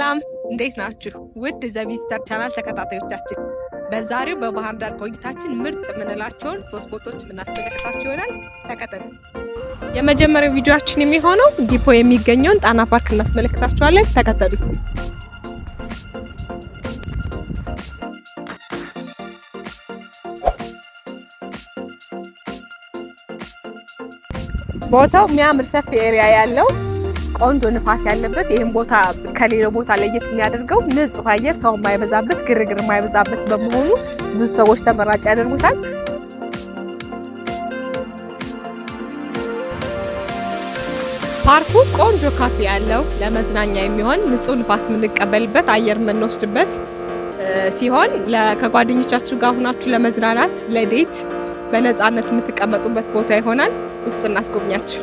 ሰላም እንዴት ናችሁ? ውድ ዘቪዚተር ቻናል ተከታታዮቻችን በዛሬው በባህር ዳር ቆይታችን ምርጥ የምንላቸውን ሶስት ቦታዎች የምናስመለከታችሁ ይሆናል። ተከተሉ። የመጀመሪያው ቪዲዮችን የሚሆነው ዲፖ የሚገኘውን ጣና ፓርክ እናስመለክታችኋለን። ተከተሉ። ቦታው የሚያምር ሰፊ ኤሪያ ያለው ቆንጆ ንፋስ ያለበት ይህም ቦታ ከሌላው ቦታ ለየት የሚያደርገው ንጹህ አየር፣ ሰው የማይበዛበት፣ ግርግር የማይበዛበት በመሆኑ ብዙ ሰዎች ተመራጭ ያደርጉታል። ፓርኩ ቆንጆ ካፌ ያለው ለመዝናኛ የሚሆን ንጹህ ንፋስ የምንቀበልበት አየር የምንወስድበት ሲሆን ከጓደኞቻችሁ ጋር ሁናችሁ ለመዝናናት ለዴት በነፃነት የምትቀመጡበት ቦታ ይሆናል። ውስጥ እናስጎብኛችሁ።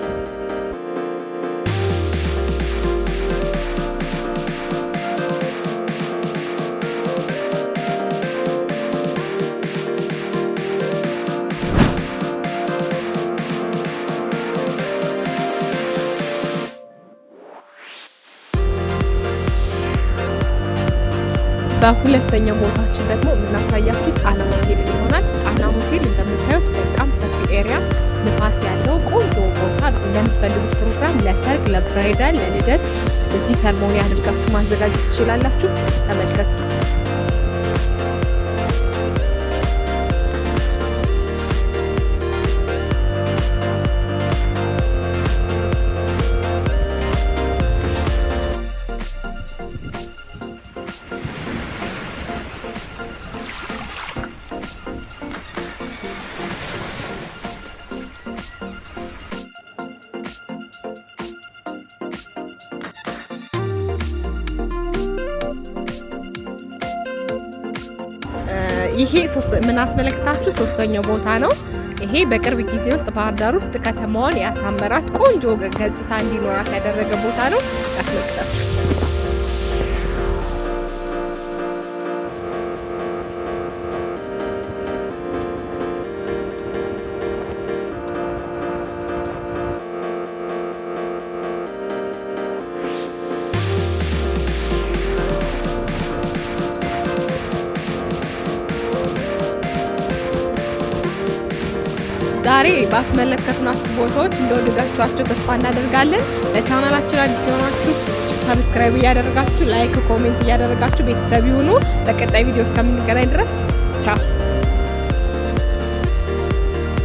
በሁለተኛው ቦታችን ደግሞ የምናሳያችሁ ጣና ሆቴል ይሆናል። ጣና ሆቴል እንደምታዩት በጣም ሰፊ ኤሪያ ንፋስ ያለው ቆንጆ ቦታ ነው። እንደምትፈልጉት ፕሮግራም ለሰርግ፣ ለብራይዳል፣ ለልደት እዚህ ሰርሞኒ አድርጋችሁ ማዘጋጀት ትችላላችሁ። ተመልከቱ። ይሄ የምናስመለክታችሁ ሶስተኛው ቦታ ነው። ይሄ በቅርብ ጊዜ ውስጥ ባህር ዳር ውስጥ ከተማዋን ያሳመራት ቆንጆ ገጽታ እንዲኖራት ያደረገ ቦታ ነው። ያስመልክታችሁ ዛሬ ባስመለከትናችሁ ቦታዎች እንደወደዳችኋቸው ተስፋ እናደርጋለን። ለቻናላችን አዲስ የሆናችሁ ሰብስክራይብ እያደረጋችሁ፣ ላይክ ኮሜንት እያደረጋችሁ ቤተሰብ ይሁኑ። በቀጣይ ቪዲዮ እስከምንገናኝ ድረስ ቻው።